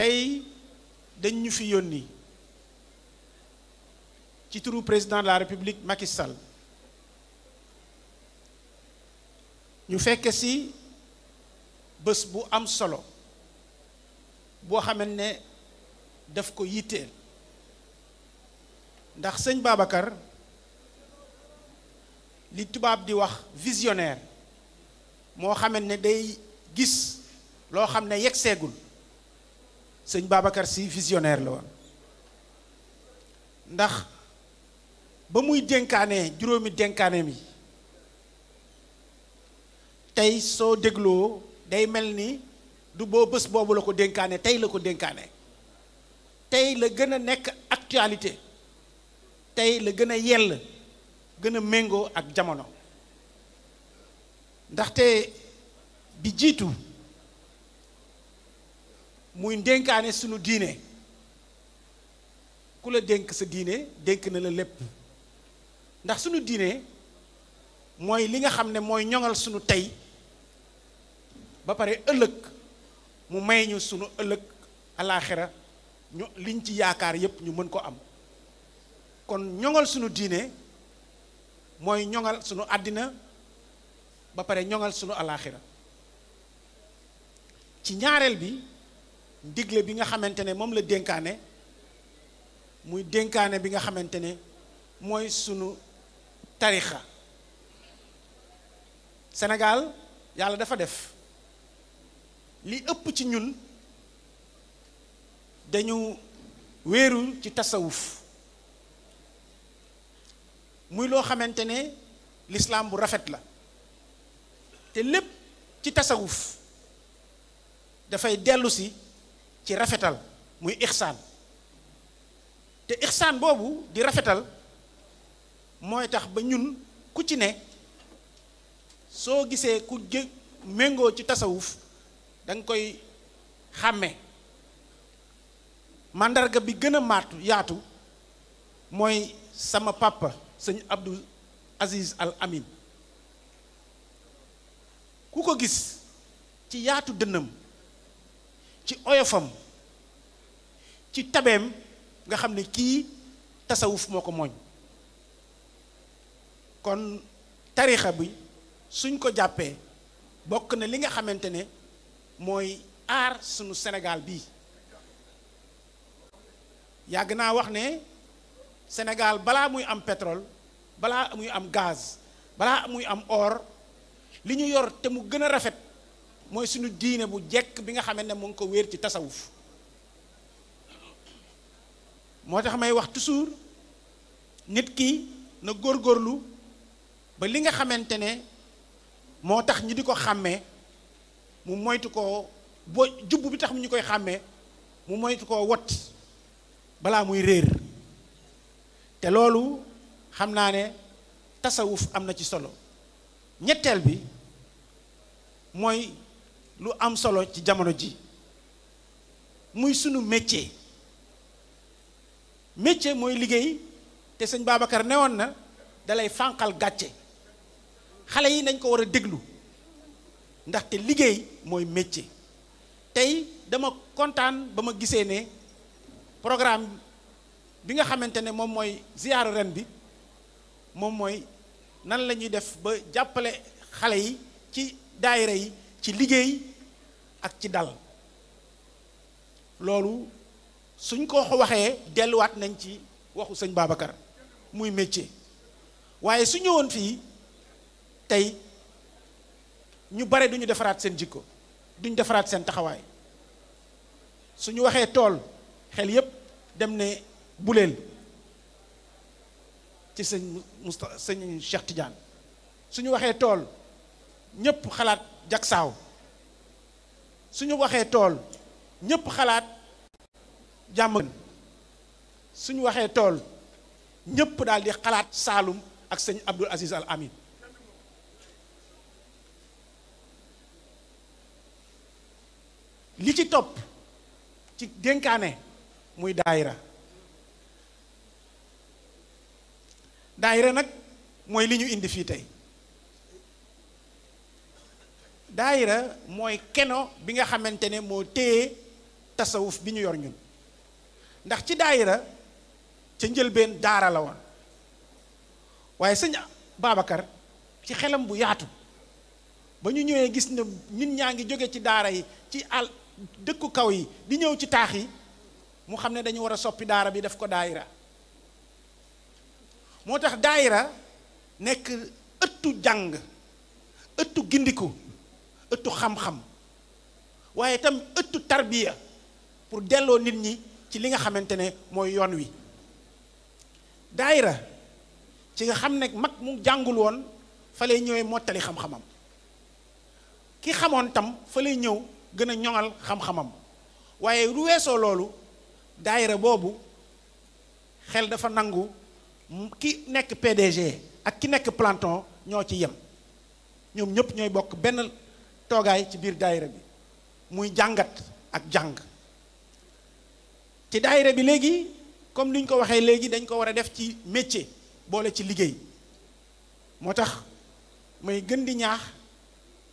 tey dañ ñu fi yónni ci turu président de la république Macky Sall ñu fekk si bés bu am solo boo xamante ne daf ko yitteel ndax sëñ Babacar li tubaab di wax visionnaire moo xamante ne day gis loo xam ne yegg seegul sëñ Babacar Sy visionnaire la woon ndax ba muy dénkaane juróomi dénkaaneem yi tey soo dégloo day mel ni du boo bés boobu la ko dénkaane tey la ko dénkaane tey la gën a nekk actualité tey la gën a yell gën a méngoo ak jamono ndaxte bi jiitu muy ndénkaane sunu diine ku la dénk sa diine dénk na la lépp ndax sunu diine mooy li nga xam ne mooy ñoŋal sunu tey ba pare ëllëg mu may ñu sunu ëllëg alaaxira ñu liñ ci yaakaar yépp ñu mën ko am kon ñoŋal sunu diine mooy ñoŋal sunu àddina ba pare ñoŋal sunu alaaxira ci ñaareel bi digle bi nga xamante ne moom la dénkaane muy dénkaane bi nga xamante ne mooy sunu tarixa senegal yàlla dafa def li ëpp ci ñun dañu wéeru ci tasawuf muy loo xamante ne lislaam bu rafet la te lépp ci tasawuf dafay dellusi ci rafetal muy ixsaan te ixsaan boobu di rafetal mooy tax ba ñun ku ci ne soo gisee ku jë méngoo ci tasawuf danga koy xàmme màndarga bi gën a maatu yaatu mooy sama papa sëñ Abdou Aziz Al Amin ku ko gis ci yaatu dënnam ci oyofam ci tabeem nga xam ne kii tasawuf moo ko mooñ kon tarixa bi suñ ko jàppee bokk na li nga xamante ne mooy aar sunu senegaal bii yàgg naa wax ne Sénégal balaa muy am pétrole balaa muy am gaz balaa muy am or li ñu yor te mu gën a rafet mooy suñu diine bu jekk bi nga xamee ne mu ngi ko wéer ci tasawuf moo tax may wax toujours nit ki na góor góorlu ba li nga xamante ne moo tax ñi di ko xàmmee mu moytu ko boo jubb bi tax mu ñu koy xàmmee mu moytu koo wot balaa muy réer te loolu xam naa ne tasawuf am na ci solo ñetteel bi mooy lu am solo ci jamono ji muy sunu métier métier mooy liggéey te sëñ Babacar ne woon na dalay fànqal gàcce xale yi nañ ko war a déglu ndaxte liggéey mooy métier tey dama kontaan ba ma gisee ne programme bi nga xamante ne moom mooy ziyaaru ren bi moom mooy nan la ñuy def ba jàppale xale yi ci daayira yi ci liggéey ak ci dal loolu suñ ko waxee delluwaat nañ ci waxu sëñ baabakar muy métier waaye su ñëwoon fii tey ñu bare duñu defaraat seen jikko duñu defaraat seen taxawaay suñu waxee tool xel yépp dem ne buleel ci sëñ Musta sëñ Cheikh Tidiane suñu waxee tool ñépp xalaat jagsaaw suñu waxee tool ñëpp xalaat jàmm gën suñu waxee tool ñëpp daldi xalaat Saalum ak sëñ Abdul Aziz Al Amin li ci topp ci dénkaane muy daayira daayira nag mooy li ñu indi fii tey daayira mooy keno bi nga xamante ne moo téye tasawuf bi ñu yor ñun ndax ci daayira ca njëlbeen daara la woon waaye sëñ Babacar ci xelam bu yaatu ba ñu ñëwee gis ne ñun ñaa ngi jóge ci daara yi ci àll dëkku kaw yi di ñëw ci taax yi mu xam ne dañu war a soppi daara bi def ko daayira moo tax daayira nekk ëttu jàng ëttu gindiku ëttu xam-xam waaye tam ëttu tarbiya pour delloo nit ñi ci li nga xamante ne mooy yoon wi daayira ci nga xam ne mag mu jàngul woon fa lay ñëwee mottali xam-xamam ki xamoon tam fa lay ñëw gën a ñoŋal xam-xamam waaye lu weesoo loolu daayira boobu xel dafa nangu ki nekk PDG ak ki nekk planton ñoo ci yem ñoom ñëpp ñooy bokk benn toogaay ci biir daayira bi muy jàngat ak jàng ci daayira bi léegi comme li ñu ko waxee léegi dañ ko war a def ci métier boole ci liggéey moo tax may gën di ñaax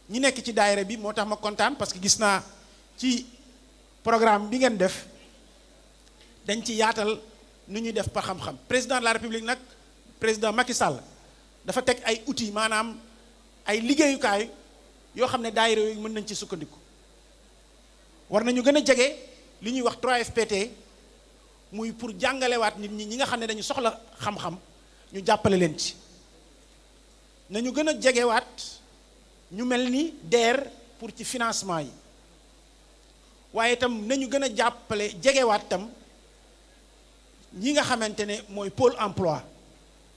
ñi nekk ci daayira bi moo tax ma kontaan parce que gis naa ci programme bi ngeen def dañ ci yaatal nu ñuy def par xam-xam président de la république nag président Macky dafa teg ay outils maanaam ay liggéeyukaay yoo xam ne daayira yooyu mën nañ ci sukkandiku war nañu gën a jege li ñuy wax 3FPT muy pour jàngalewaat nit ñi ñi nga xam ne dañu soxla xam-xam ñu jàppale leen ci nañu gën a jegewaat ñu mel ni DER pour ci financement yi waaye itam nañu gën a jàppale jegewaat itam ñi nga xamante ne mooy pole emploi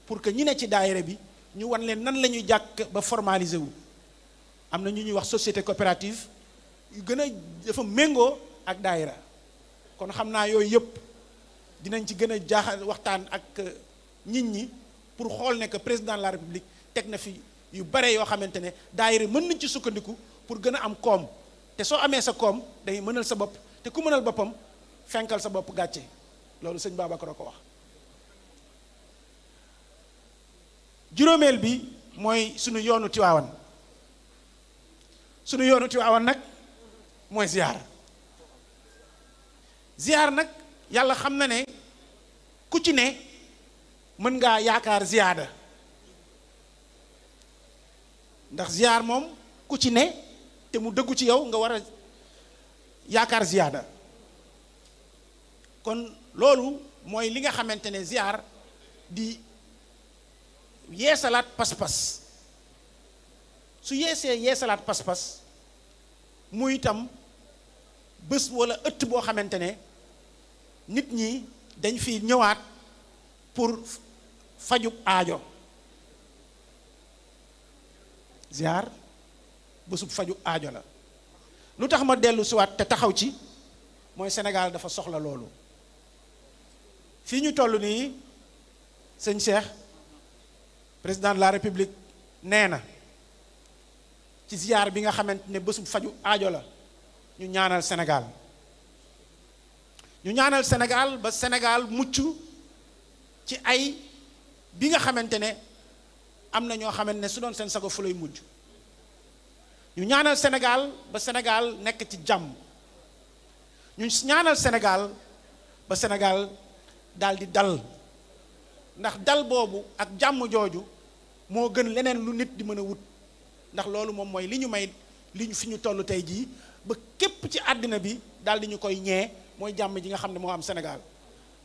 pour que ñi ne ci daayira bi ñu wan leen nan la ñuy jàkk ba formaliser wu am na ñu ñuy wax société coopérative yu gën a dafa méngoo ak daayira kon xam naa yooyu yëpp dinañ ci gën a jaaxal waxtaan ak euh, nit ñi pour xool ne que président la république teg na fi yu bare yoo xamante ne daayira mën nañ ci sukkandiku pour gën a am koom te soo amee sa koom day mënal sa bopp te ku mënal boppam fenkal sa bopp gàcce loolu sëñ Babacar ko wax juróomeel bi mooy sunu yoonu Tiwaawan suñu yoonu Tiwaawan nag mooy ziar ziar nag yàlla xam na ne ku ci ne mën ngaa yaakaar ziyaada ndax ziar moom ku ci ne te mu dëggu ci yow nga war a yaakaar ziyaada kon loolu mooy li nga xamante ne ziar di yeesalaat pas-pas su yeesee yeesalaat pas-pas muy itam bés walla ëtt boo xamante ne nit ñi dañ fi ñëwaat pour fajub aajo ziar bésub fajub aajo la lu tax ma dellu siwaat te taxaw ci mooy Sénégal dafa soxla loolu fii ñu toll nii sëñ Cheikh président de la République nee na ci ziyaar bi nga xamante ne bésub faju aajo la ñu ñaanal Sénégal ñu ñaanal senegaal ba senegaal mucc ci ay bi nga xamante ne am na ñoo xamante ne su doon seen sago fu mujj ñu ñaanal senegaal ba senegaal nekk ci jàmm ñu ñaanal Sénégal ba Sénégal daal di dal ndax dal boobu ak jàmm jooju moo gën leneen lu nit di mën a wut ndax loolu moom mooy li ñu may li ñu fi ñu toll tey jii ba képp ci àddina bi daal di ñu koy ñee mooy jàmm ji nga xam ne moo am Sénégal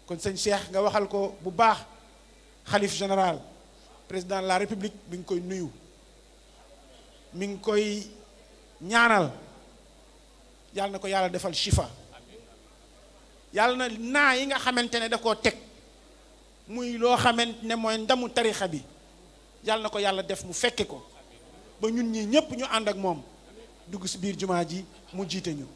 kon sëñ Cheikh nga waxal ko bu baax xalif général président la république mi ngi koy nuyu mi ngi koy ñaanal yàlla na ko yàlla defal chifa yàlla na naa yi nga xamante ne da koo teg muy loo xamante ne mooy ndamu tarixa bi yàlla na ko yàlla def mu fekke ko ba ñun ñi ñëpp ñu ànd ak moom dugg si biir jumaa ji mu jiite ñu